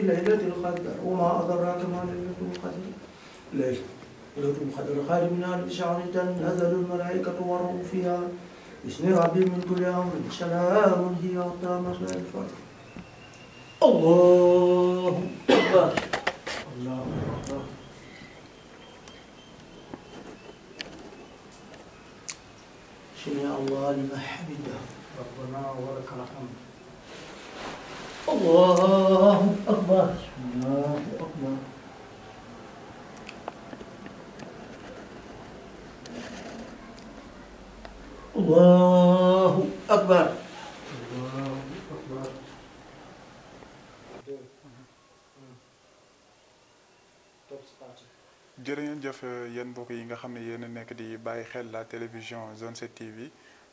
في العباد القدر وما أدراك ما ليلة القدر ليلة ليلة القدر خير من ألف شهر تنزل الملائكة والروح فيها بسم ربي من كل أمر سلام هي حتى مساء الفجر الله أكبر الله أكبر سمع الله لمن حمده ربنا ولك الحمد ALLAHU AKBAR ALLAHU AKBAR ALLAHU AKBAR AKBAR yéen mbokk la télévision Zone 7 TV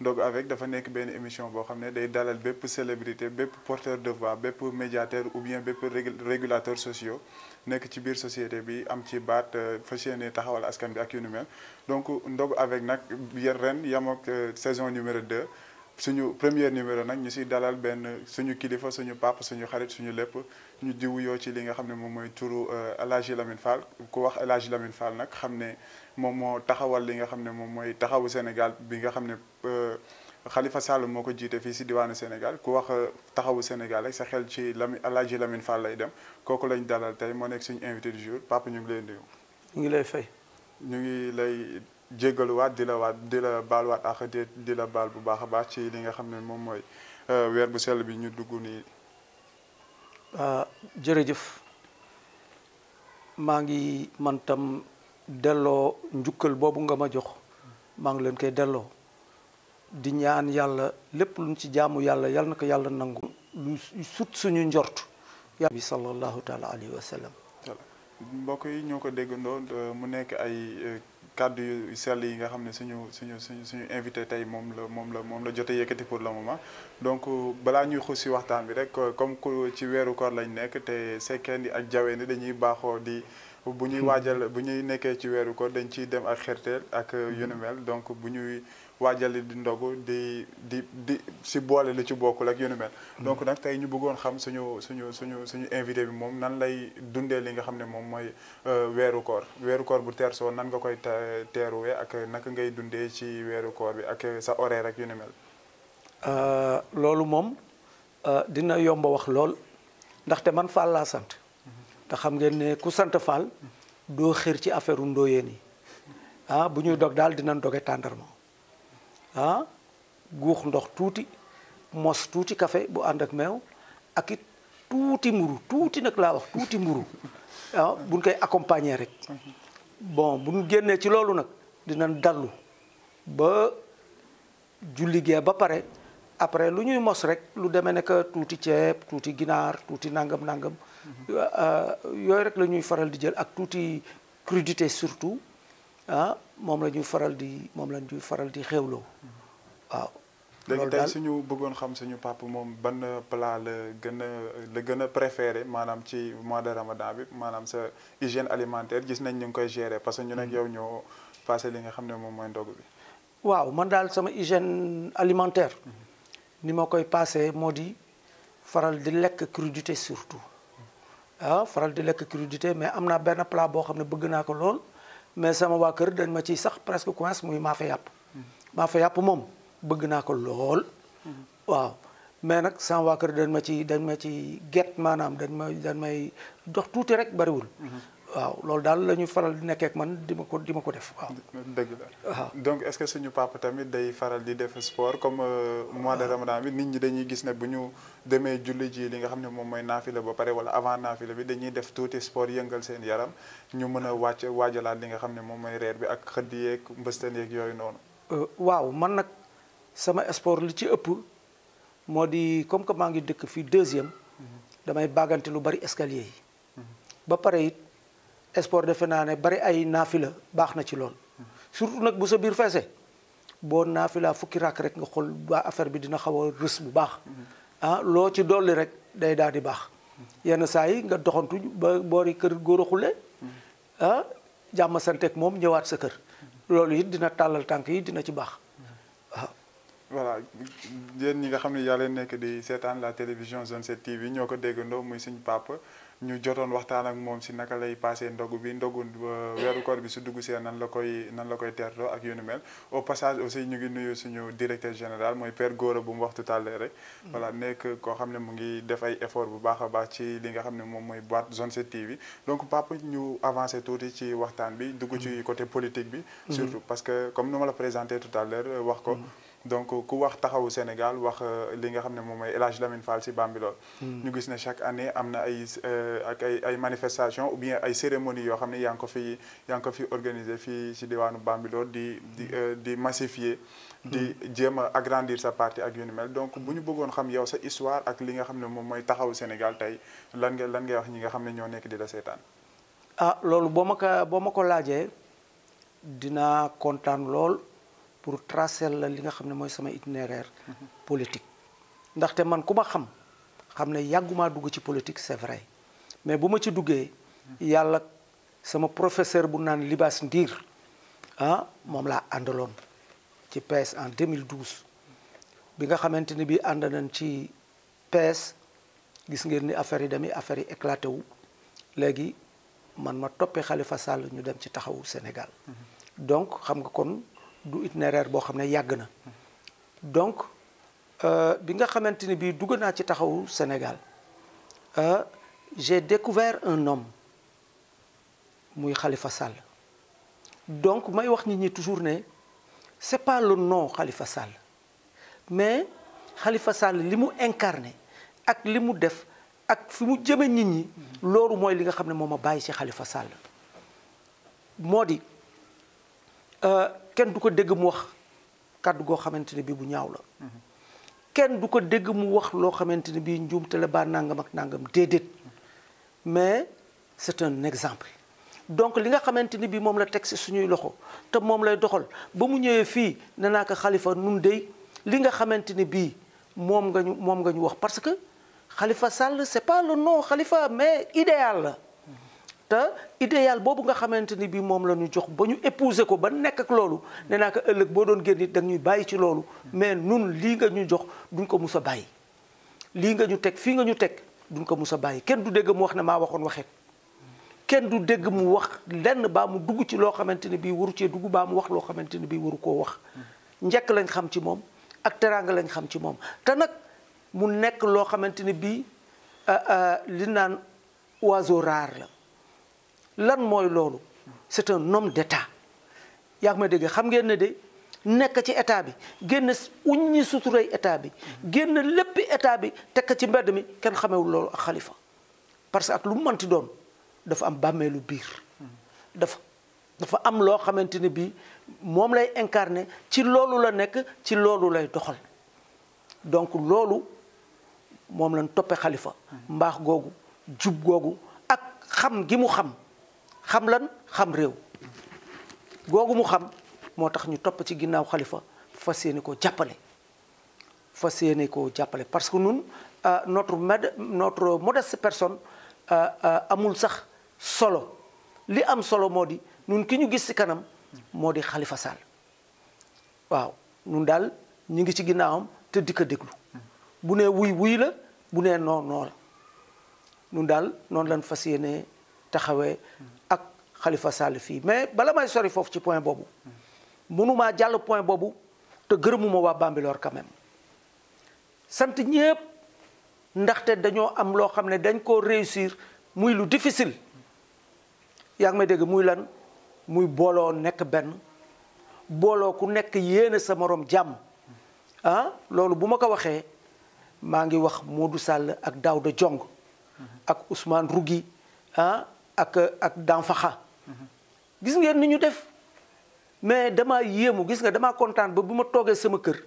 Ndog avec dafa nek ben émission bo xamné day dalal bép célébrité bép porteur de voix bépp médiateur ou bien bép régulateur sociaux nek ci biir société bi am ci baat euh, fas taxawal askan bi ak yu mel donc Ndog avec nak yar ren yam ak euh, saison numéro 2 suñu premier numéro nak ñu ci dalal ben suñu kilifa suñu papa suñu xarit suñu lépp ñu di wuyoo ci li nga xamné mom moy touru turu euh, Lamine Fall ku wax El Lamine Fall nak xamné moom moo taxawal li nga xam ne moom mooy taxawu Sénégal bi nga xam ne xalifa euh, Sall moo ko jiite fii si diwaanu Sénégal ku wax euh, taxawu Sénégal rek sa xel ci Lamine El ji Lamine Fall lay dem kooku lañ dalal tey moo nekk suñu invité du jour papa ñu ngi lay nuyu. ñu ngi lay fay. ñu ngi lay jéggaluwaat di la waat di la di la baal bu baax a baax ci li nga xam ne moom mooy euh, weer bu sell bi ñu dugg nii. Ah, jërëjëf maa ngi man delloo njukkal boobu nga ma jox maa ngi leen koy delloo di ñaan yàlla lépp luñ ci jaamu yàlla yàlla na ko yàlla nangu lu sut suñu njort yàlla bi sallallahu taala alayhi wa sallam mbokk yi ñoo ko déggandoo mu nekk ay eh, kàddu yu sell yi nga xam ne suñu suñu suñu suñu invité tey moom la moom la moom la jote yekkati pour le moment donc balaa ñuy xuus si waxtaan bi rek comme ku ci weeru koor lañ nekk te sekkeen yi ak jaween yi dañuy baaxoo di bu ñuy waajal bu ñuy nekkee ci weeru ko dañ ciy dem ak xerteel ak euh, yu ni mel donc bu ñuy waajal di ndogu di di di si boole li ci bokkul ak yu ni mel. Mm. donc nag tey ñu bëggoon xam suñu suñu suñu suñu invité bi moom nan lay dundee li nga xam ne moom mooy euh, weeru koor weeru koor bu tersoo nan nga koy teeruwee ak naka ngay dundee ci weeru koor bi ak sa horaire ak yu ni mel. Euh, loolu moom dina yomb wax lool ndaxte man Fall sant. te xam ngeen ne ku sant Fall do xir ci affaire ndoye ni ah buñu dog dal dina doge tandarma ah guux ndox mos tuti café bu andak ak mew ak muru tuti mburu nak la wax tuuti muru ah buñ koy accompagner rek bon buñu génnee ci lolu nak dina dallu ba julli ge ba paré après luñuy mos rek lu démé nek tuti ciép tuti ginar ginaar nangam nangam Euh, euh, yooyu rek la ñuy faral di jël ak tuuti crudité surtout ah moom la ñuy faral di moom la ñuy faral di xewloo waaw. léegi tey suñu bëggoon xam suñu papa moom ban plat la gën a la gën a préféré maanaam ci mois de ramadan bi maanaam sa hygiène alimentaire gis nañ ñu ngi koy gérer parce que ñu nekk mm-hmm. yow ñoo passé li nga xam ne moom mooy ndog bi. waaw man daal sama hygiène alimentaire mm-hmm. ni ma koy passé moo di faral di lekk crudité surtout. ah faral di lekk crudité mais am naa benn plat boo xam ne bëgg naa ko lool mais sama waa kër dañ ma ciy sax presque coince muy maafe yàpp mm-hmm. maafe yàpp moom bëgg naa ko lool mm-hmm. waaw mais nag sama waa kër dañ ma ci dañ ma ci get maanaam dañ ma dañ may dox tuuti rek bariwul mm-hmm. waaw loolu daal lañuy faral di nekkeek man di ma ko di ma ko def waaw. dëgg la donc est-ce que suñu papa tamit day faral di def sport comme euh, mois de ah. ramadan bi nit ñi dañuy gis ne bu ñu demee julli ji li nga xam ne moom mooy naafila ba pare wala avant naafila bi dañuy def tuuti sport yëngal seen yaram ñu mën a wàcc waajalaat li nga xam ne moom mooy reer bi ak xëdd yeeg mbëstan yeeg yooyu noonu. Euh, waaw man nag sama sport li ci ëpp moo di comme que maa ngi dëkk fii deuxième. Mhm. damay bàggante lu bari escalier yi. Mhm. esport defe naa ne bari ay naafila baax na ci lool surtout nag bu sa biir feesee boo naafila fukki rakk rek nga xol waa affaire bi dina xaw a rës bu baax mm-hmm. ah loo ci dolli rek day daal di baax mm-hmm. yenn saa yi nga doxantu ba boori kër góor a xule mm-hmm. ah jàmm santeeg moom ñëwaat sa kër loolu it dina tàllal tànk yi dina ci baax waaw. Ah. voilà yi nga xam ne yaa leen nekk di seetaan la télévision Zone 7 TV ñoo ko déggandoo muy suñu papa. ñu jotoon waxtaan ak moom si naka lay ndogu bi ndogu koor bi su nan la koy nan au passage aussi directeur général mooy père Gore bu tout à mm. voilà ngi effort bu a baax ci li nga xam ne donc papa avancé mm. côté politique bi. Mm. surtout parce que comme nous présenté tout à l'heure donc ku wax taxawu Sénégal wax euh, li nga xamné ne moom mooy Lamine Fall si Bambilor hmm. ñu gis ne chaque année amna ay euh, ak ay ay manifestations ou bien ay cérémonies yo xamné yang ko fi yang ko fi organiser fii si diwaanu Bambilor di di hmm. euh, di massifier. di hmm. jéem agrandir sa parti ak yu mel donc buñu ñu bëggoon xam yow sa histoire ak li nga xamné ne moom mooy taxawu Sénégal tay lan nga lan ngay wax ñi nga xamné ne ñoo nekk di la seetaan. ah loolu boma ko boma ko laajee dina contane lool. pour tracer li nga xam moy sama itinéraire mhm. politique té man kuma xam xam yaguma dugg ci politique c'est vrai mais buma ci duggé mhm. yalla sama professeur bu nan Libas Ndir ah mom la andalon ci PS en 2012 bi nga xamanteni bi ànd ci PS gis ngeen ni affaire yi dami affaire yi éclaté wu légui man ma topé Khalifa Sall ñu dem ci taxawu Sénégal mhm. donc xam nga kon du itinéraire bo xamné ne yàgg na donc euh, bi nga xamanteni bi duguna ci taxaw Sénégal euh j'ai découvert un homme muy Khalifa Sall donc may wax nit ñi toujours né c'est pas le nom Khalifa Sall mais Khalifa Sall limu mu incarné ak limu def ak fi mu jëme nit ñi lolu moy li nga xamné moma bayyi ci Khalifa Sall modi Eh, ken duko ko mu wax kaddu go xamanteni bi bu ñaaw la ken duko ko mu wax lo xamanteni bi bii njuumte la ba nangam ak nangam dedet mais c'est un exemple donc li nga xamanteni bi mom la tek ci suñuy loxo te mom lay doxal ba mu ñëwee fi ne khalifa nun dey li nga xamanteni bi mom nga mom nga ñu wax parce que khalifa Sall c'est pas le nom khalifa mais idéal te idéal boobu nga xamante ni bii moom la ñu jox ba ñu épouser ko ba nekk ak loolu ne naa ko ëllëg boo doon génn it da ñuy bàyyi ci loolu mais nun lii nga ñu jox duñ ko mus a bàyyi lii nga ñu teg fii nga ñu teg duñ ko mus a bàyyi kenn du dégg mu wax ne maa waxoon waxeet kenn du dégg mu wax lenn baa mu dugg ci loo xamante ni bii waru cee dugg baa mu wax loo xamante ni bii waru koo wax njëkk lañ xam ci moom ak teraanga lañ xam ci moom te nag mu nekk loo xamante ni bii euh, euh, li naan oiseau rare lan mooy loolu c'est un homme d'état ma dégg xam ngeen ne de nekk ci état bi génn uññi suturay état bi génn lépp état bi tekk ci mbedd mi kenn xamewul loolu ak xalifa parce que ak lu mu doon dafa am bàmmeelu biir dafa dafa am loo xamante ne bii moom lay incarné ci loolu la nekk ci loolu lay doxal donc loolu moom lañ toppee xalifa mbaax googu jub googu ak xam gi mu xam xam lan xam réew googu mu xam moo tax ñu topp ci ginnaaw xalifa fas yéene ko jàppale fas yéene ko jàppale parce que nun euh, notre med notre modeste personne euh, euh, amul sax solo li am solo moo di nun ki ñu gis ci kanam moo di xalifa Sall waaw nun daal ñu ngi ci ginnaawam te di ko déglu bu nee wuy wuy la bu nee noo noo la nun daal noonu lan fas yéene taxawee Khalifa salifi mais bala may sori foofu ci point bobu mënumaa jall point bobu te wa bambi lor quand même sant ñëpp ndaxte dañoo am lo xamne dañ ko réussir muy lu difficile yaa ngi may dégg muy lan muy bolo nek ben bolo ku nek yene sa morom jam ah lolu buma ko waxe ma ngi wax Modou Sall ak Daouda jong ak Ousmane Rougui ah ak ak Danfaxa gis ngeen ni ñu def mais dama yéemu gis nga damaa kontaan ba bu ma toogee sama kër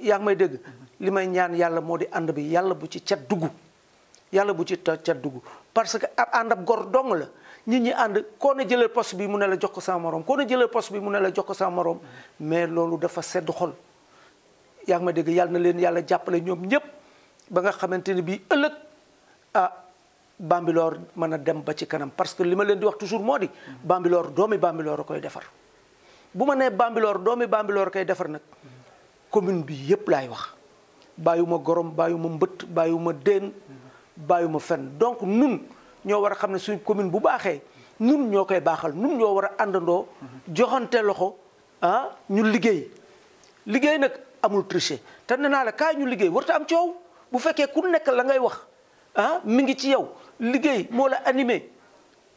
yaa ngi may dégg li may ñaan yàlla moo di ànd bi yàlla bu ci cat dugg yàlla bu ci ca dugg parce que ab ànd ab gor dong la nit ñi ànd koo ne jëlee poste bi mu ne la jox ko sama morom koo ne jëlee poste bi mu ne la jox ko sama mais loolu dafa sedd xol yaa ngi dégg yàlla na leen yàlla jàppale ñoom ñëpp ba nga xamante ni bii ëllëg ah, Bambilor mën a dem ba ci kanam parce que li ma leen di wax toujours moo di bambiloor doomi Bambilor a koy defar bu ma nee Bambilor doomi Bambilor koy defar nag commune bi yépp laay wax bàyyuma gorom bàyyuma mbëtt bàyyuma déen bàyyuma fenn donc nun ñoo war a xam ne suñ commune bu baaxee nun ñoo koy baaxal nun ñoo war a àndandoo joxante loxo ah ñu liggéey liggéey nag amul tricher te nee naa la kaay ñu liggéey warta am coow bu fekkee ku nekk la ngay wax ah mi ngi ci yow liggéey moo la animé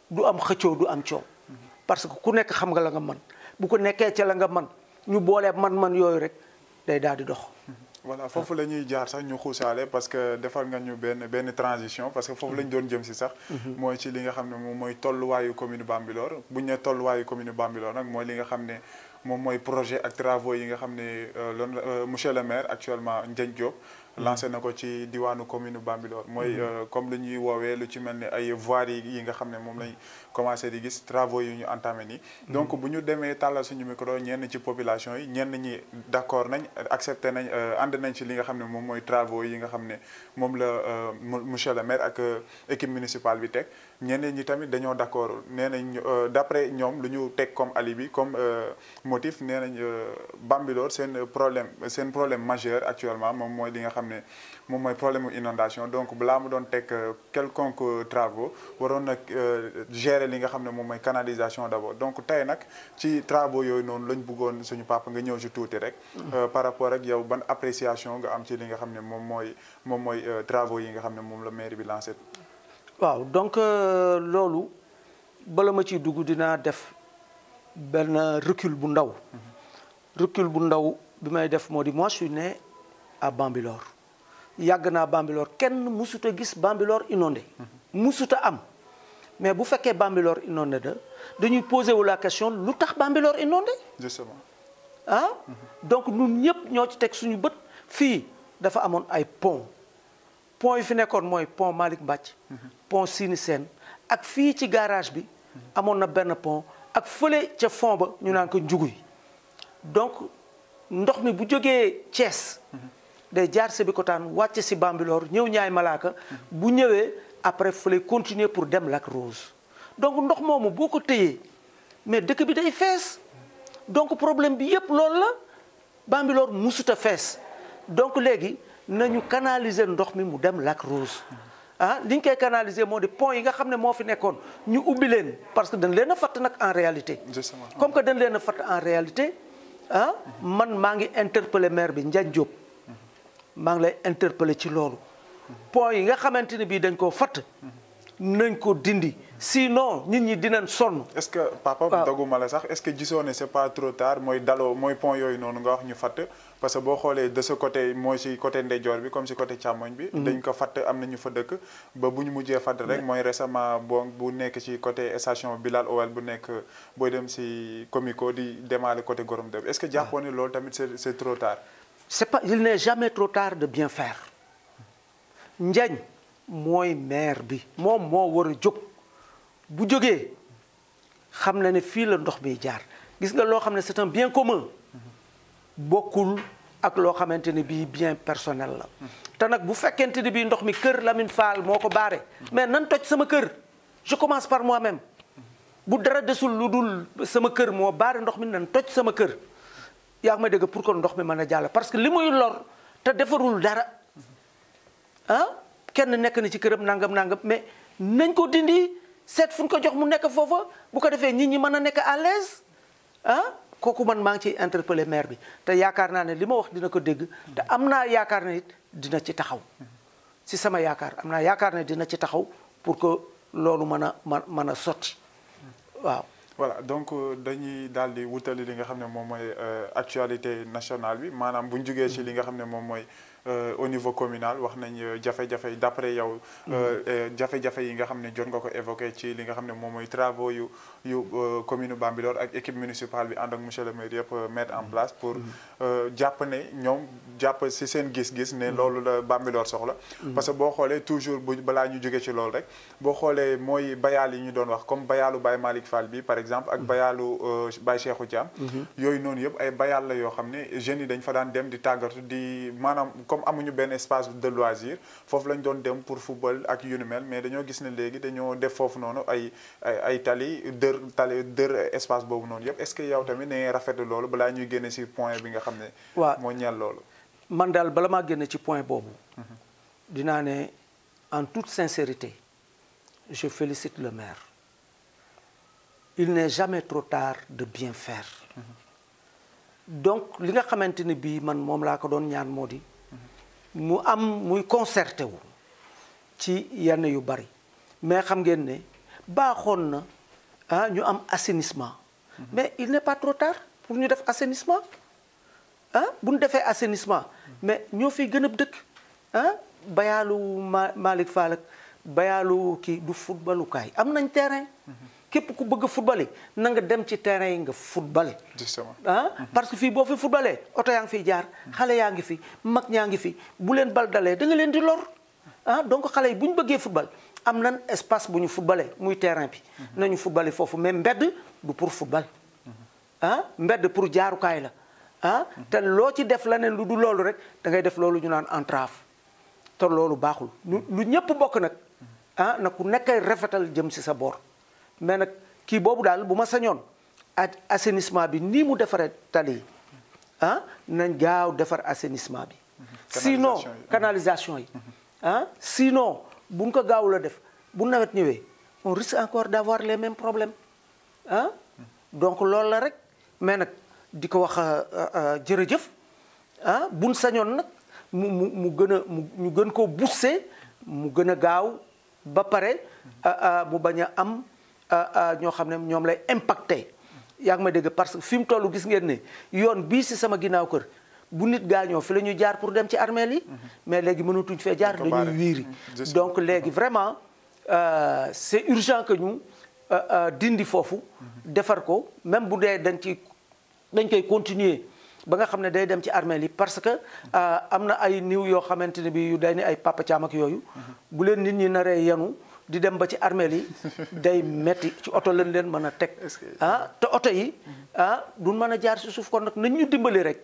du am xëccoo du am coow parce que ku nekk xam nga la nga man bu ko nekkee ca la nga man ñu boolee man-man yooyu rek day daal di dox. voilà foofu la ñuy jaar sax ñu xuusaale parce que defar nga ñu benn benn transition parce que foofu lañu doon jëm si sax. Mhm. mooy ci li nga xam ne moom mooy tolluwaayu commune Bambilor bu ñu nee tolluwaayu commune Bambilor nag mooy li nga xam ne moom mooy projet ak travaux yi nga xam ne euh, loolu euh, monsieur le maire actuellement Ndiagne Diop. lancé na ko ci diwaanu commune Bambilor mooy mm-hmm. euh, comme lu ñuy woowee lu ci mel ni ay voirie yi nga xam ne moom lañ commencé di gis travaux yu ñu entame nii mm-hmm. donc bu ñu demee tàllal suñu micro ñenn ci population yi ñenn ñi d'accord nañ accepté nañ euh, ànd nañ ci li nga xam ne moom mooy travaux yi nga xam ne moom la euh, monsieur le maire ak équipe municipale bi teg ñeneen ñi tamit dañoo d'accord nee nañ euh, d'après ñoom lu ñu teg comme alibi comme euh, motif nee nañ euh, Bambilor seen problème seen problème majeur actuellement moom mooy li nga xam ne moom mooy problème inondation donc balaa mu doon teg quelconque travaux waroon nag gérer li nga xam ne moom mooy canalisation d'abord donc tey nag ci travaux yooyu noonu lañ bëggoon suñu papa nga ñëw ci tuuti rek mm-hmm. par rapport ak yow ban appréciation nga am ci li nga xam ne moom mooy moom mooy travaux yi nga xam ne moom la mairie bi lancé donc je euh, bala ma def recul bu mhm. recul bu def moi je suis né à Bambilor yàgg Bambilor kenn musuta gis Bambilor inondé musuta mhm. am mais bu fekkee Bambilor inondé de, dañuy la question que Bambilor inondé ah mhm. donc nous ñep ñoo ci de suñu dafa ay pont pont fi nekkoon moy pont Malick batch pont Sini Sène ak fi ci garage bi amoon na pont ak feulé ci fond ba ñu naan ko donc ndox mi bu joggé Thiès day jaar tan wacc ci Bambilor ñew ñaay malaka bu ñewé après feulé continuer pour dem Lac Rose donc ndox momu boko teyé mais dëkk bi day fess donc problème bi yépp lool la Bambilor musuta fess donc légui nañu canaliser ndox mi mu dem lac Rose ah li ñu koy canaliser moo de pont yi nga xam ne moo fi nekkoon ñu ubbi leen parce que dañ leen a fatt nag en réalité comme que dañ leen a fatt en réalité ah man maa ngi interpellé maire bi Ndiagne Diop maa ngi lay interpellé ci loolu pont yi nga xamante ne bii dañ koo fatt nañ koo dindi sinon nit ñi dinañ sonn. est-ce que papa. waaw doguma la sax est-ce que gisoo ne c'est pas trop tard mooy daloo mooy pont yooyu noonu nga wax ñu fatt parce que on de ce côté si côté de comme si côté càmmoñ bi. Mm-hmm. dañ ko ñu ba mm-hmm. récemment bu de ci côté station Bilal bu a fait si Comico di côté est-ce que le Japon, c'est trop tard. pas il n'est jamais trop tard de bien faire Ndiagne moi mère, bi moi moi a bu xam na la ndox jaar c'est un bien commun. bokkul ak loo xamante ne bii bien personnel la te nag bu fekkente ne bii ndox mi kër la Lamine Fall moo ko baare mais nan toj sama kër je commence par moi-même bu dara desul lu dul sama kër moo baare ndox mi nan toj sama kër yaa ma dégg pour que ndox mi mën a jàll parce que li muy lor te defarul dara ah kenn nekk na ci këram nangam nangam mais nañ ko dindi seet fu ko jox mu nekk foofa bu ko defee nit ñi mën a nekk à ah kooku man maa ngi ciy interpellé maire bi te yaakaar naa ne li ma wax dina ko dégg te am naa yaakaar ne it dina ci taxaw si sama yaakaar am naa yaakaar ne dina ci taxaw pour que loolu mën a mën mën a sotti waaw. voilà donc euh, dañuy daal di wutali li nga xam ne moom mooy euh, actualité nationale bi maanaam bu ñu jugee ci li nga xam ne moom mooy. Euh, au niveau communal wax nañ jafé euh, jafé D'après, yow euh jafé mm-hmm. euh, jafé yi nga xamné ne jot nga ko ci li nga xamné ne travaux yu yu commune Bambilor ak équipe municipale bi ànd ak monsieur le maire yëpp mettre en mm-hmm. place pour mm-hmm. jàpp ne ñom japp ci seen gis-gis ne loolu la Bambilor soxla. parce que bo xolé toujours bala ñu joggé ci loolu rek bo xolé moy bayal yi ñu doon wax comme bayalu Baye Malik Fall bi par exemple ak bayaalu Baye Cheikhou Thiam. yoy non yëpp ay bayaal la yoo xam ne yi dañ fa daan dem di tàggatu di manam comme amuñu ben espace de loisir foofu lañ doon dem pour football ak yunu mel mais dañoo gis ne léegi dañoo def foofu noonu ay ay ay tali dër tali dër espace boobu noonu yëpp est ce que yow tamit ne rafetlu loolu balaa ñuy génne si point bi nga xam ne. waaw moo ñeel loolu. man daal bala maa génne ci point boobu. Mhm. dinaa ne en toute sincérité je félicite le maire. il n'est jamais trop tard de bien faire mhm. donc li nga xamante ne bii man moom laa ko doon ñaan moo di mu am muy concerté wu ci yenn yu bari mais xam ngeen ne baaxoon na ah ñu am assainissement. Mhm. mais il n'est pas trop tard pour ñu def assainissement ah bu ñu defee assenissement mais ñoo fi gën a dëkk ah bayaalu Ma Malick Fall ak bayaalu kii du footballukaay am nañ terrain. Mhm. képp ku bëgg footballé na nga dem ci terrain yi nga football ah parce que fi bo fi footballé auto yaa fi jaar xalé yaangi fi mag ñaangi fi bu len bal dalé da nga len di lor ah donc xalé yi bu ñu football am nan espace buñu footballé muy terrain bi nañu footballé fofu même mbedd du pour football ah mbedd pour kay la ah té lo ci def leneen lu du lolu rek da ngay def lolu ñu naan entrave té lolu baxul lu ñëpp bok nak ah na ku nekkay rafetal jëm ci sa boor mais nag kii boobu daal bu ma sañoon ak assainissement bi nii mu defaree tali yi ah nañ gaaw defar assainissement bi. sinon mhm. canalisation yi. Mhm. ah sinon buñ ko gaaw la def bu nawet ñëwee on risque encore d' avoir les mêmes problèmes ah. Mhm. donc loolu la rek mais nag di ko wax euh, euh, jërëjëf ah buñ sañoon nag mu mu mu gën a mu ñu gën koo booster mu gën a gaaw ba pare euh, mu bañ a am. Euh, euh, ñoo xam ne ñoom lay impacté yaa ngi ma dégg parce que fi mu toll gis ngeen ne yoon bii si sama ginnaaw kër bu nit gaañoo fi la ñuy jaar pour dem ci armeel yi mhm. mais léegi mënatuñ fee jaar dañuy wiiri mhm. donc léegi vraiment euh, c'est urgent que ñu euh, dindi foofu mhm. defar ko même bu dee dañ ci dañ koy continuer ba nga xam ne day dem ci armeel yi parce que am na ay niw yoo xamante ne bi yu day ni ay papa caam yooyu bu leen nit ñi naree yenu di dem ba ci armeel yi day metti ci oto lañ leen mën a teg ah te oto yi ah duñ mën a jaar si suuf kon nag nañ ñu dimbali rek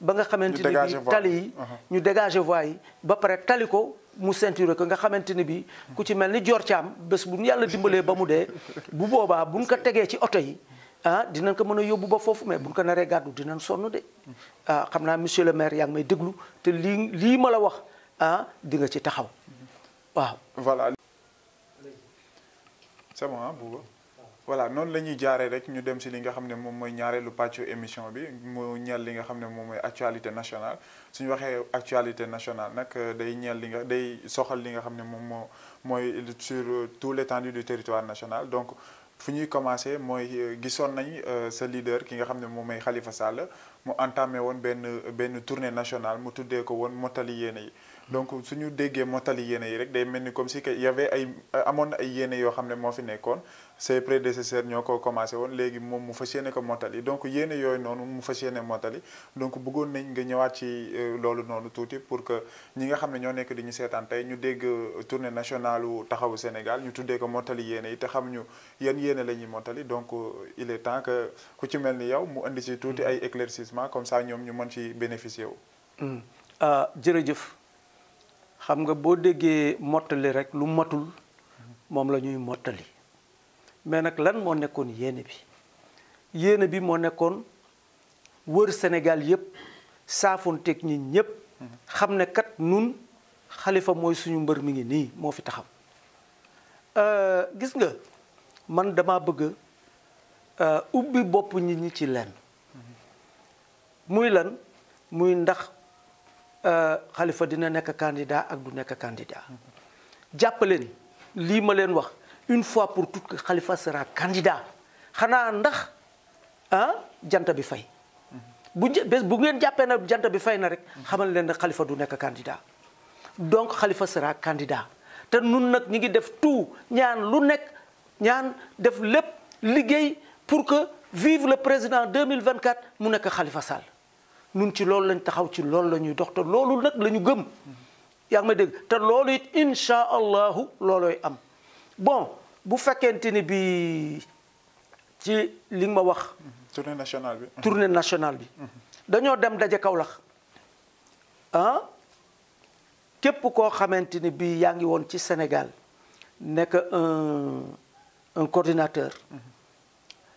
ba nga xamante ne bi tali yi uh-huh. ñu dégager voie yi ba pare tali ko mu ceinture ko nga xamante ne bi ku ci mel ni Dior Thiam bés bu ñu yàlla dimbalee ba mu dee bu boobaa bu buñ ko tegee ci oto yi ah dinañ ko mën a yóbbu ba foofu mais buñ ko naree gàddu dinañ sonn de ah xam naa monsieur le maire yaa ngi may déglu te lii lii ma la wax ah di ci taxaw c'est bon ah Bouba voilà non la ñuy jaaree rek ñu dem si li nga xam ne moom mooy ñaareelu pàccu émission bi mu ñeel li nga xam nous moom actualité nationale suñu waxee actualité nationale nag euh, day ñeel li nga day soxal li nga xam ne moom moo sur euh, tout l'étendue du territoire national donc fini ñuy commencé mooy euh, gisoon nañ ce leader ki nga xamné mom moom Khalifa Sall mu entamé won ben ben tournée nationale mu tuddé ko woon motali yi donc ñu déggee mottali yéene yi rek day mel ni comme si que y avait ay amoon na ay yéene yoo xam ne moo fi nekkoon ses prédécesseurs ñoo ko commencé woon léegi moom mu fas yéene ko mottali donc yéene yooyu noonu mu fas yéene mottali donc bëggoon nañ nga ñëwaat ci euh, loolu noonu tuuti pour que ñi nga xam ne ñoo nekk di ñu seetaan tey ñu dégg euh, tournée nationale u taxawu Sénégal ñu tuddee ko mottali yéene yi te xam ñu yan yéene la ñuy mottali donc euh, il est que ku ci mel ni yow mu indi ci tuuti mm. ay éclaircissement comme ça ñoom ñu mën ci bénéficier wu mm. ah, xam nga boo déggee mottali rek lu matul moom la ñuy mottali mais nag lan moo nekkoon yéene bi yéene bi moo nekkoon wër senegal yëpp saafonteeg ñi ñëpp xam ne kat nun xalifa mooy suñu mbër mi ngi nii moo fi taxaw euh, gis nga man dama bëgg euh, ubbi bopp ñi ñi ci lenn muy lan muy ndax Euh, Khalifa dina nekk candidat ak du nekk candidat jàppaleen lii ma leen wax une fois pour tout que Khalifa sera candidat xanaa ndax ah jant bi fay bu bés bu ngeen jàppee na jant bi fay na rek xamal leen ne Khalifa du nekk candidat donc Khalifa sera candidat te nun nag ñi ngi def tout ñaan lu nekk ñaan def lépp liggéey pour que vive le président 2024 mu nekk Khalifa Sall nun ci loolu lañ taxaw ci loolu la ñuy dox te loolu nag lañu gëm yaa ngi ma dégg te loolu it insha allahu loolooy am bon bu fekkente ni bi ci li nga ma wax. tournée nationale bi. tournée nationale bi dañoo dem daje Kaolack ah képp koo xamante ni bi yaa ngi woon ci Sénégal nekk un un coordinateur.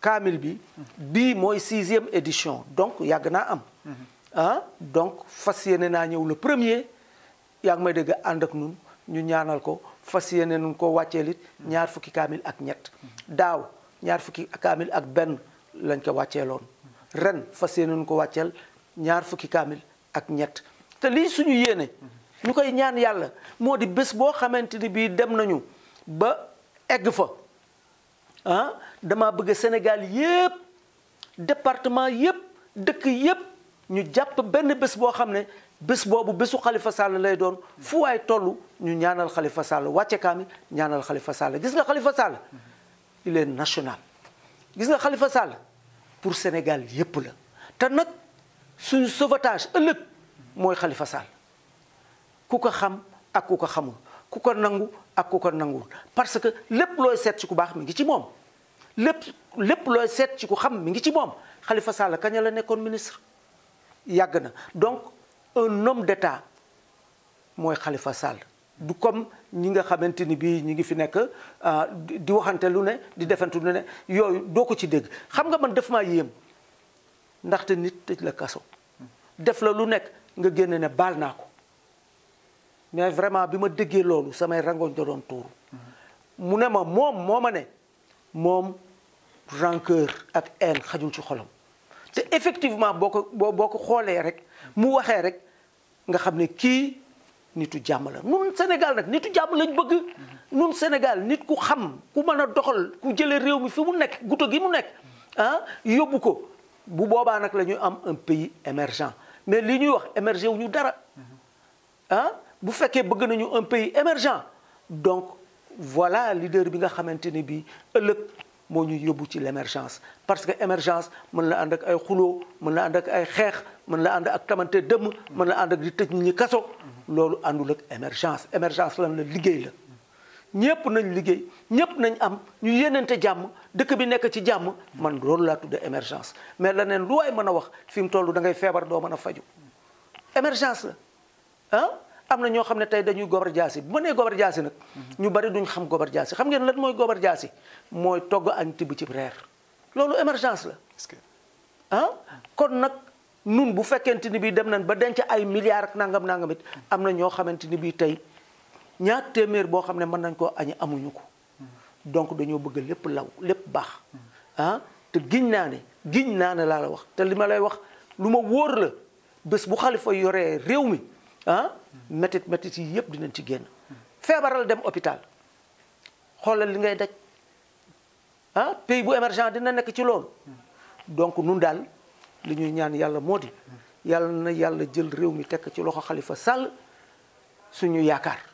Kamil bi moy 6 sixième édition donc yagna am hein donc fassiyene na ñew le premier yag dega may dégg and ak ñun ñu ñaanal ko fassiyene ñun ko Kamil akben ñaar fukki ak ñaar fukki ak lañ ko ren fassiyene ñun ko waccel ñaar fukki kaamil ak ñet te li suñu yene ñu ñaan yalla modi di bo xamanteni bi dem nañu ba egg fa ah dama bëgg Sénégal yépp département yépp dëkk yépp ñu jàpp benn bés boo xam ne bés boobu bésu Khalifa Sall lay doon fu waay toll ñu ñaanal Khalifa Sall wàcce kaami ñaanal Khalifa Sall gis nga Khalifa Sall il est national gis nga Khalifa Sall pour Sénégal yépp la te nag suñu sauvetage ëllëg mooy Khalifa Sall ku ko xam ak ku ko xamul ku ko nangu ak ku ko nanguwul parce que lépp looy seet ci ku baax mi ngi ci moom lépp lépp looy seet ci ku xam mi ngi ci moom xalifa Sall kañ la nekkoon ministre yàgg na donc un homme d'état mooy xalifa Sall du comme ñi nga xamante ni bii ñi ngi fi nekk ah, di waxante lu ne di defante lu ne yooyu doo ko ci dégg xam nga man def maa yéem ndaxte nit tëj la kaso def la lu nekk nga génne ne baal naa ko mais vraiment bima ma lolu samay rangoñ da don tour mu ne ma moom moo ma ne rancœur ak haine xajul ci xolam te effectivement boko boko xolé rek mu waxee rek nga xamné ki nitu jamm la nun Sénégal nak nitu jamm lañ bëgg nun Sénégal nit ku xam ku mën doxal ku jëlee réew mi fi mu nekk guto gi mu nekk ah yóbbu ko bu boba nak lañu am un pays émergent mais li ñuy wax émergé wu ñu dara ah bu fekkee bëgg nañu un pays émergent donc voilà leader bi nga xamante ni bii ëllëg moo ñu yóbbu ci l'émergence parce que émergence mën la ànd ak ay xuloo mën la ànd ak ay xeex mën la ànd ak tamante dëmm mën la ànd ak di tëj nit kaso loolu àndul ak émergence émergence lan la liggéey la ñëpp nañ liggéey ñëpp nañ am ñu yéenante jàmm dëkk bi nekk ci jàmm man loolu laa tudde émergence mais leneen lu waay mën a wax fi mu toll da ngay feebar doo mën a faju émergence am na ñoo xam ne tey dañuy gobar jaasi bu ma nee nag mhm. ñu bari duñ xam gobar jaasi xam ngeen lan mooy gobar jaasi mooy togg añ tibb ci reer loolu émergence la ah kon nag nun bu fekkente ni bii dem nañ ba denc ay milliards ak nangam nangam mhm. am na ñoo xamante ni bii tey ñaar téeméer boo xam ne mën nañ koo añi amuñu ko mhm. donc dañoo bëgg lépp law lépp baax ah te giñ naa ne giñ naa ne laa la wax te li ma lay wax lu ma wóor la bés bu xalifa yoree réew mi ah métit yi yëpp dinañ ci génn feebaral dem hôpital xoolal li ngay daj ah pays bu émergent dina nekk ci loolu donc nun daal li ñuy ñaan yàlla moo di yàlla na yàlla jël réew mi tekk ci loxo Khalifa Sall suñu yaakaar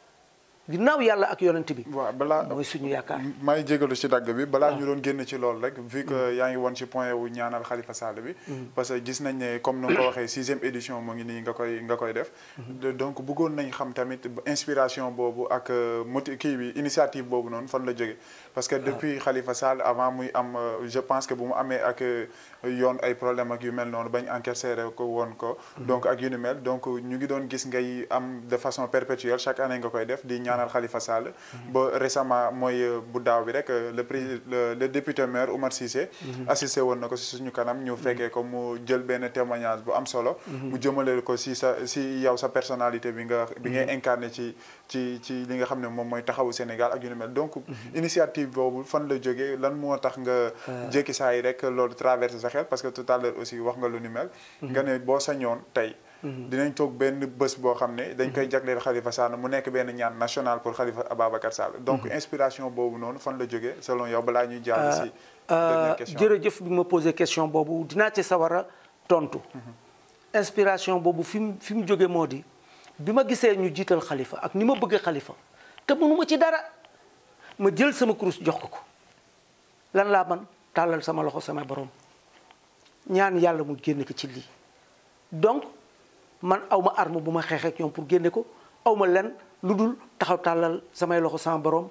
ginnaaw yalla ak yonent bi. waaw balaa mooy suñu yaakaar. maa ngi ci dag bi balaa ñu doon génn ci lool rek. vu que mm-hmm. yaa ngi woon ci point wu ñaanal Khalifa Sall bi. Mm-hmm. parce que gis nañ ne comme ni nga ko waxee sixième édition mu ngi nii nga koy nga koy def. Mm-hmm. donc bëggoon nañ xam tamit inspiration bobu ak euh, moti kii bi initiative bobu non fan la jógee. parce que ah. depuis Khalifa Sall avant muy am euh, je pense que bu mu amé ak euh, yone ay problème ak yu mel non bañ encaissé ko won ko. donc ak yu mel donc ñu ngi doon gis ngay am de façon perpétuelle chaque année nga koy def di ñaanal Khalifa Sall. ba récemment mooy euh, bu daaw bi rek euh, le président le député maire Oumar Cissé. Mhm. assisté woon na ko si suñu kanam ñu fekkee ko mu jël benn témoignage bu am solo. Mhm. mu jëmale ko si sa si yow sa personnalité bi nga. bi ngay mhm. incarné ci ci ci li nga xam ne moom mooy taxawu Sénégal ak yu ni mel donc. initiative boobu fan la jógee lan moo tax nga. Euh. jékki saa yi rek loolu traversé sa xel parce que tout à l'heure aussi wax nga lu ni mel. nga ne boo sañoon tey. Mhm. dinañ toog benn bés boo xam ne dañ koy mhm. jagleel Khalifa Sall mu nekk benn ñaan national pour Khalifa Ababacar Sall mhm. donc inspiration boobu noonu fan la jógee selon yow balaa ñuy jàll euh, si euh, dernière jërëjëf bi ma posé question boobu dinaa ci sawar a tontu inspiration boobu fi mu fi mu jóge moo di bi ma gisee ñu jiital Khalifa ak ni ma bëgg Khalifa te mënuma ci dara ma jël sama kurus jox ko ko lan laa man tàllal sama loxo sama borom ñaan yàlla mu génn ko ci lii donc man aw ma arme bu ma xeexee ak ñoom pour génne ko awma len lu dul taxaw tàllal samay loxo sama borom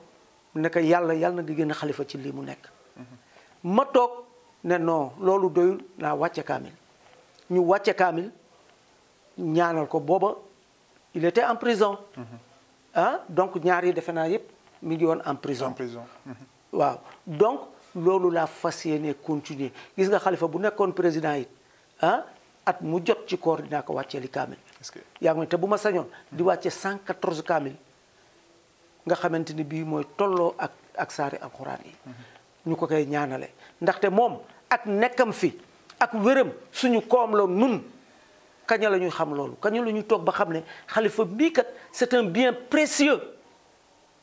ne yàlla yàlla na nga génn xalifa ci lii mu nekk. Mhm. ma toog ne non loolu doyul naa wàcce kaamil ñu wàcce kaamil ñaanal ko booba il et en prison. Mhm. ah donc ñaari defe naa yëpp mu ngi woon en prison. en prison mhm. waaw donc loolu laa fas yéene continuer gis nga xalifa bu nekkoon président yi ah. at mu jot ci koor kami, ko wàccee li kaamil yaa ngi te bu ma sañoon di wàcce 114 kaamil nga xamante ni bii mooy tolloo ak ak saari alxuraan yi mm-hmm. ñu ko koy ñaanale ndaxte moom ak nekkam fi ak wéram suñu koom la nun kañ la ñuy xam loolu kañ la ñuy toog ba xam ne xalifa bii kat c'est un bien précieux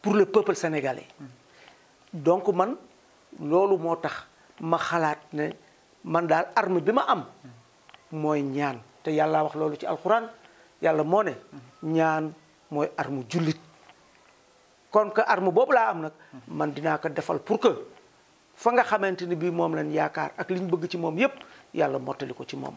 pour le peuple sénégalais mm-hmm. donc man loolu moo ma xalaat ne man daal arme bi am mm-hmm. mooy ñaan te yàlla wax loolu ci alxuraan yàlla moo ne ñaan mooy armu jullit kon que arme boobu laa am nag man dinaa ko defal pour que fa nga xamante ni bii moom lañ yaakaar ak liñ bëgg ci moom yépp yàlla mottali ko ci moom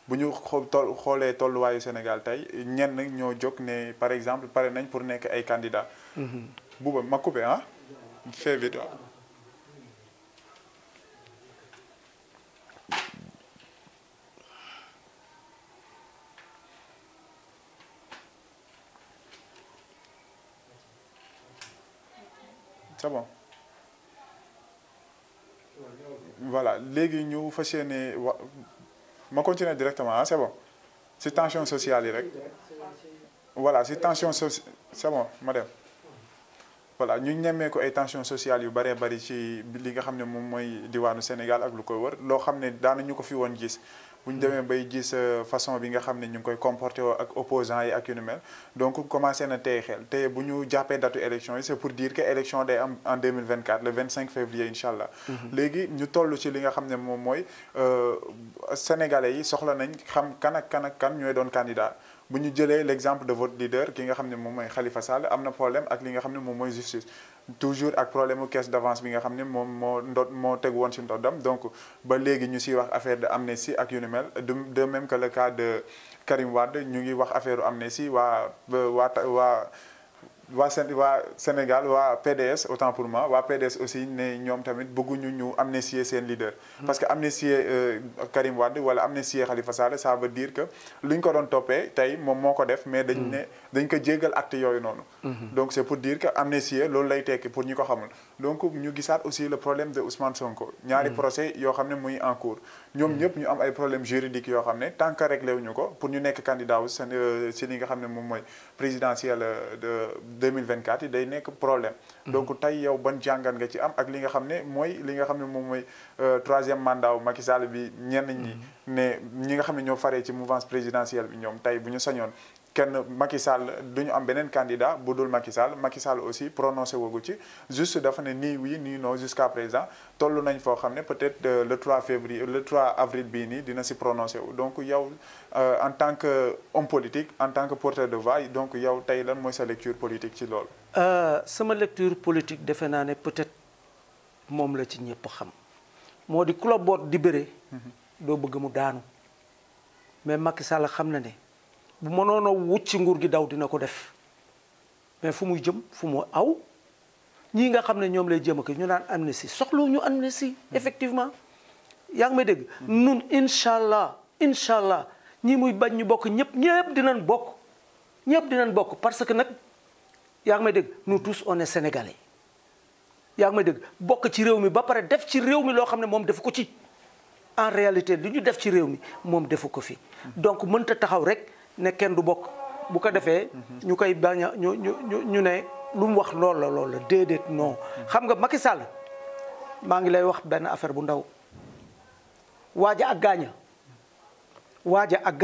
bu ñu xool xoolee tolluwaayu Sénégal tay ñenn ñoo jóg né par exemple paré nañ pour nekk ay candidats. Mhm. Bouba ma coupé ah. Hein? fais vite waaw. Hein? c'est bon voilà léegi ñu fas yéene wa je continuer directement hein, c'est bon C'est tension sociale voilà c'est tension sociale. c'est bon madame. voilà ñu avons ko tension sociale yu Sénégal ak lu bu ñu demee bay gis euh, façon bi nga xam ne ñu ngi koy comporté ak opposants yi ak yu ni donc commencé na tey xel te bu ñu jàppee datu élection yi c' est pour dire que élection day am en 2024 le 25 février inshallah. allah. Mhm. léegi ñu toll ci li nga xam ne moom mooy euh, sénégalais yi soxla nañ xam kan ak kan ak kan ñooy doon candidat. bu ñu l'exemple de votre leader ki nga xam ne moom mooy Khalifa Sall am problème ak li nga xam ne moom justice toujours ak problème mu caisse d'avance bi nga xamné ne mo ndot mo moo won ci si donc ba légui ñu ci wax affaire de amnistie ak yu mel de même que le cas de Karim Wade ñu ngi wax affaire amnistie waa wa wa wa Sén Sénégal wa PDS autant pour moi wa PDS aussi nous ñoom tamit bëgguñu ñu amnistier leader. Hmm. parce que amnistier euh, Karim Wade wala amnistier Khalifa Sall ça veut dire que l'un qu'on ko doon toppee tey moom moo def. mais dañ hmm. ne dañ ko jéggal acte hmm. donc c'est pour dire que amnistier l'on lay tekki pour nous ko donc nous avons aussi le problème de Ousmane Sonko. ñaari procès des procès qui muy en cours. ñoom ñëpp ñu am ay problème juridiques yoo xam ne tant que réglé wuñu ko pour ñu nekk candidat wu seen euh, si li nga xam ne moom mooy présidentielle euh, de 2024 yi day nekk problème mhm. donc tey yow ban jàngat nga ci am ak li nga xam ne mooy li nga xam ne moom mooy euh, troisième mandat wu Macky Sall bi ñenn ñi mhm. ne ñi nga xam ne ñoo faree ci mouvance présidentielle bi ñoom tey bu ñu sañoon Ken Macky Sall du am benen candidat budul dul Macky Sall Macky Sall aussi prononcé woogu ci juste dafa ni oui ni non jusqu'à présent toll nañ fo xamné peut-être euh, le 3 février le 3 avril bi ni dina ci prononcé donc yow euh, en tant que homme politique en tant que porteur de voix donc yow tay lan moy sa lecture politique ci euh sama lecture politique defe na né peut-être mom la ci ñëpp xam modi di ku la boot di bëre mhm. do bëgg mu daanu mais Macky Sall xam na né bu mënoon a wucc nguur gi daw dina ko def mais fu muy jëm fu mu aw ñii nga xam ne ñoom lay jëm ak ñu naan amnistie soxlu ñu amnistie hmm. effectivement yaa ngi may dégg nun incha allah incha allah ñii muy bañ ñu bokk ñëpp ñëpp bokk ñëpp dinañ bokk parce que nag yaa ngi may dégg nous on est sénégalais yaa ngi may dégg bokk ci réew mi ba pare def ci réew mi loo xam ne moom defu ko ci en réalité li ñu def ci réew mi moom defu ko fi hmm. donc mënta taxaw rek ne du bok bu ko defé mhm. ñukay baña ñu ñu ñu ne lu mu wax lool la lool la Wajah non mhm. xam nga Macky Sall ma ngi lay wax ben affaire bu ndaw waja ak waja ak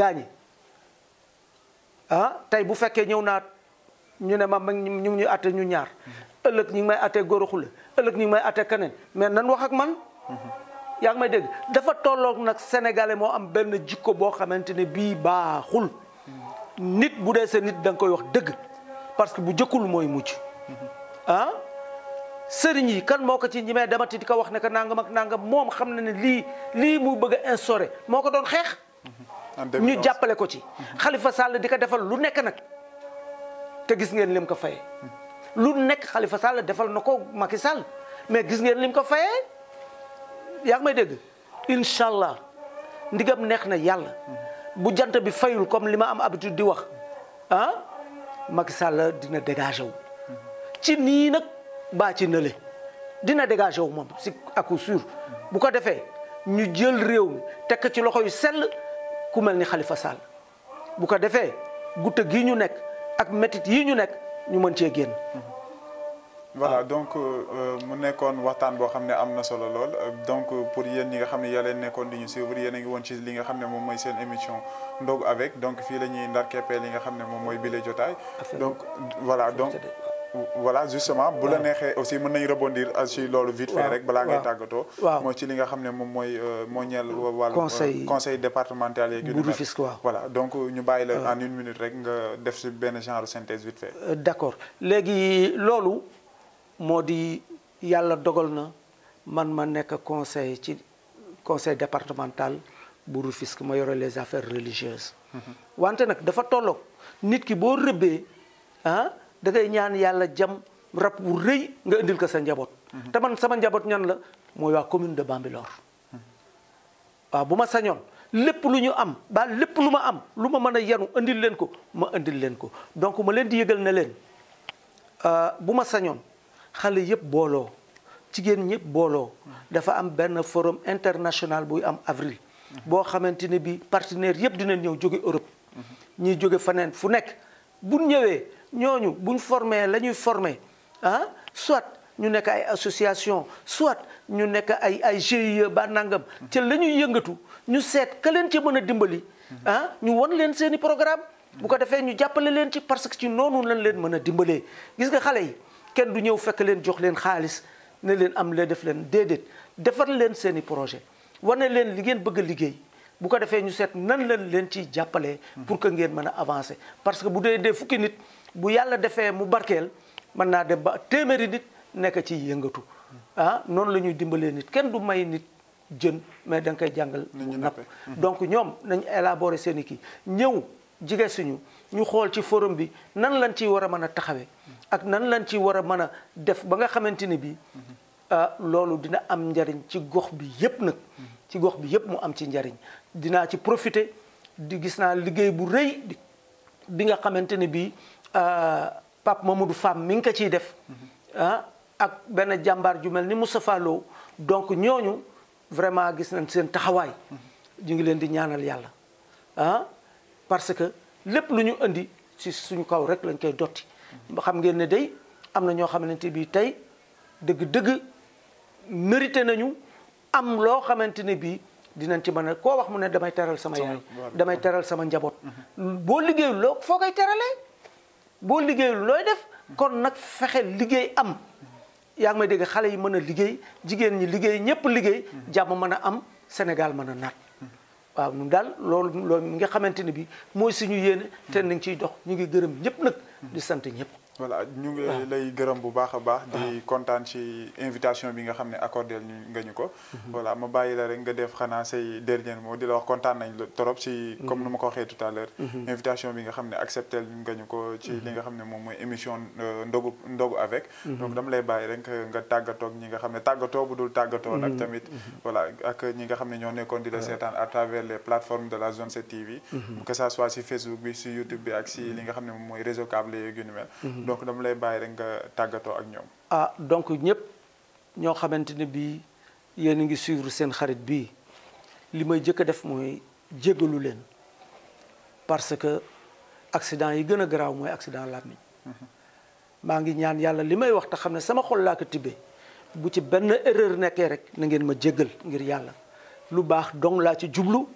ah tay bu fekke ñew na ñu ne ma ñu ñu ñuy ñu ñaar mhm. ëlëk ñi may atte góor xule ëllëg may atte kenen mais nan wax ak man yaa may dégg dafa tolok nak sénégalais mo am ben jikko bo xamanteni bi baaxul nit bu dee sa nit dang koy wax dëgg parce que bu jëkul moy mucc ah sëriñ yi kan moko ci ñimé demati di ko wax ne ka nangam ak nangam mom xamna na ne li mu bëgg instauré doon ñu jappalé ko ci khalifa Sall di ko defal lu nekk nak te gis ngeen lim ko lunek lu nekk khalifa Sall defal nako Macky Sall mais gis ngeen lim ko fayé yaa deg, may dégg inshallah allah ndigam neex na bu jant bi fayul comme li ma am habitude di wax ah mag Sall dina dégagé wu. ci nii nag baa nale dina dégagé wu moom si à coup bu ko defee ñu jël réew mi tekk ci loxo yu sell ku mel ni xalifa Sall bu ko defee gutta gii ñu nekk ak métit yi ñu nekk ñu mën cee génn. voilà donc euh, euh, mu nekkoon waxtaan boo xam ne am na solo lool euh, donc pour yéen ñi nga xam ne yaa leen nekkoon di ñu suivre yéen a ngi woon ci li nga xam ne moom mooy seen émission Ndogou avec donc fii la ñuy ndar keppee li nga xam ne moom mooy bile jotaay. donc voilà donc. voilà justement bu la neexee aussi mën nañ rebondir ci loolu vite fait rek balaa ngay tàggatoo waaw mooy ci li nga xam ne moom mooy wàllu conseil conseil départemental yeeg bu voilà donc ñu bàyyi la en une minute rek nga def ci benn genre synthèse vite fait d'accord léegi loolu moo di yàlla dogal na man ma nekk conseil ci conseil départemental bu Rufisque ma yore les affaires religieuses mhm. wante nag dafa tolloog nit ki boo rëbbee ah da ngay ñaan yàlla jam rab wu rëy nga indil ko sa njaboot mhm. te man sama njaboot ñan la mooy waa commune de Bambilor mhm. waaw bu ma sañoon lépp lu ñu am ba lépp lu ma am lu ma mën a yanu indil leen ko ma indil leen ko donc ma leen di yëgal na leen euh, bu ma sañoon xale yëpp booloo jigéen ñëpp booloo dafa am benn forum international buy am avril boo xamante ne bi partenaire yëpp dina ñëw jóge Europe ñu jóge faneen fu nekk bu ñëwee ñooñu buñ formé la ñuy formé ah soit ñu nekk ay association soit ñu nekk ay ay GIE ba nangam ca la ñuy yëngatu ñu seet ka leen ci mën a dimbali ah ñu won leen seeni programme bu ko defee ñu jàppale leen ci parce que ci noonu lañ leen mën a dimbalee gis nga xale yi kenn du ñëw fekk leen jox leen xaalis ne leen am la def leen déedéet defar leen seen i projet wane leen li ngeen bëgg a liggéey bu ko defee ñu seet nan leen leen ci jàppale pour que ngeen mën a avancer parce que bu dee dee fukki nit bu yàlla defee mu barkeel mën naa def ba téeméeri nit nekk ci yëngatu ah noonu la ñuy dimbalee nit kenn du may nit jën mais da koy jàngal mu napp donc ñoom nañ élaborer seen i kii ñëw jige suñu ñu xool ci forom bi nan lañ ciy war a mën a taxawee ak nan lañ ci war a mën a def ba nga xamante ne bii ah, loolu dina am njariñ ci gox bi yépp nag ci gox bi yépp mu am ci njariñ dinaa ci profiter di gis naa liggéey bu rëy bi nga xamante ne bii ah, Pape Mamadou Fam mi ngi ko ciy def ah ak benn jàmbaar ju mel ni Moustapha Lo donc ñooñu vraiment gis nañ seen taxawaay ñu ngi leen di ñaanal yàlla ah, parce que lépp lu ñu indi ci suñu kaw rek lañ koy dotti xam ngeen ne day am na ñoo xamante bii tey dëgg-dëgg mérité nañu am loo xamante ne bii dinañ ci mën a koo wax mu ne damay teral sama yaay damay teral sama njaboot mhm. boo liggéeyul loo foo koy teralee boo liggéeyul looy def kon nag fexe liggéey am yaa ma dégg xale yi mën a liggéey jigéen ñi liggéey ñëpp liggéey mhm. jàmm mën a am Sénégal mën a naat waaw ñun daal loolu loolu mi nga xamante ne bi mooy suñu yéene te nañ ciy dox ñu ngi gërëm ñëpp nag di sant ñëpp voilà ñu ngi ah. lay gërëm bu baax a baax. di ah. kontaan ci invitation bi nga xam ne accordé nga ñu ko. Mhm. voilà ma bàyyi la rek nga def xanaa say dernier mot di la wax kontaan nañ trop ci. Mhm. comme nu ma ko waxee tout à l'heure mhm. invitation bi nga xam ne accepté nga ñu ko ci li nga xam ne moom émission euh, ndogu ndogu avec. donc dama lay bàyyi rek nga tàggatoo ak ñi nga xam ne tàggatoo bu dul tamit voilà ak ñi nga xam ne ñoo nekkoon di la seetaan à travers les plateformes de la zone 7 TV. que ça soit ci Facebook bi ci YouTube bi ak ci li nga xam ne moom réseau câblé yeeg yu ni mel. donc dama lay bàyyi rek nga tàggatoo ak ñoom. ah donc ñëpp ñoo xamante ne bii yéen a ngi suivre seen xarit bii li may jëkk a def mooy jéggalu leen parce que accident yi gën a garaaw mooy accident làmmiñ mm-hmm. maa ngi ñaan yàlla li may wax te xam ne sama xol laa ko tibbee bu ci benn erreur nekkee rek na ngeen ma jéggal ngir yàlla lu baax dong laa ci jublu.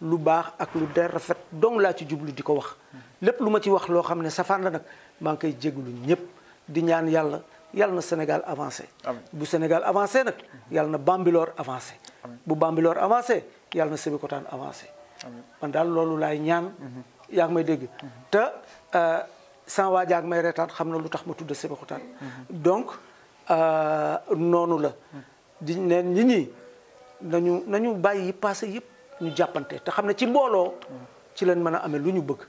lu bax ak lu der rafet dong la ci djublu di wax lepp lu ma ci wax lo xamne ne la nak mang kay djeglu jéglu di ñaan yalla yalla na senegal avancer bu senegal avancer nak yalla na Bambilor avancer bu Bambilor avancer yalla na kotan avancer man dal lolu lay ñaan mhm. yaa ngi may deg mhm. te euh, sans waa jaag may retat xamna na lu tax ma tudd Sébikotane mhm. donc euh, nonu la di neen ñi ñi nañu nañu bayyi passé yépp ñu jàppante te xam ne ci mbooloo ci leen mën a amee lu ñu bëgg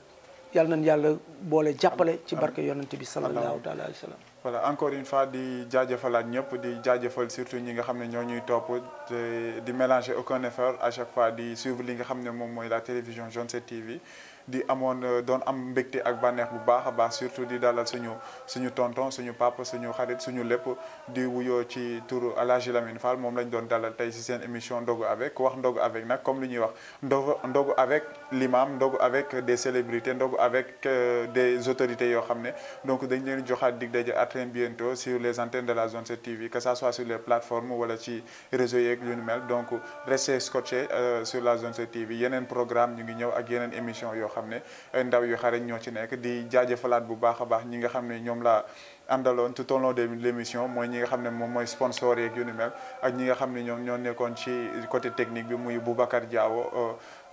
yàlla nañ yàlla boole jàppale ci barke yonante bi sallallahu taala alayhi wa sallam voilà encore une fois di jaajëfalaat ñëpp di jaajëfal surtout ñi nga xam ne ñoo ñuy topp di mélanger aucun effort à chaque fois di suivre li nga xam ne moom mooy la télévision Jaune 7 TV di amone euh, doon am mbekté ak banex bu baax ba surtout di dalal suñu suñu tonton suñu papa suñu xarit suñu lepp di wuyo ci tour Alaaji Lamine Fall mom lañ doon dalal tay ci seen émission ndogu avec wax ndogu avec nak comme liñuy wax ndogu avec l'imam ndogu avec des célébrités ndogu avec euh, des autorités yo xamné donc dañ leen joxat dig daje à très bientôt sur les antennes de la zone 7 TV que ça soit sur les plateformes wala ci réseau yeeg yu mel donc restez scotché euh, sur la zone 7 TV yenen programme ñu ngi ñew ak yenen émission yoo xam ne ay ndaw yu xarañ ñoo ci nekk di jaajëfalaat bu baax a baax ñi nga xam ne ñoom laa àndaloon tout au long de l'émission mooy ñi nga xam ne moom mooy sponsor yeeg yu ni mel ak nga xam ne ñoom ñoo nekkoon ci côté technique bi muy Boubacar Diawo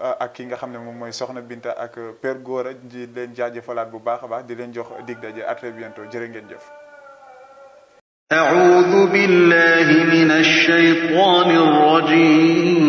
euh, ak ki nga xam ne moom mooy Soxna Binta ak Père Gora di leen falaat bu baax a baax di leen jox dig daje à très bientôt jërë ngeen jëf. أعوذ بالله من الشيطان الرجيم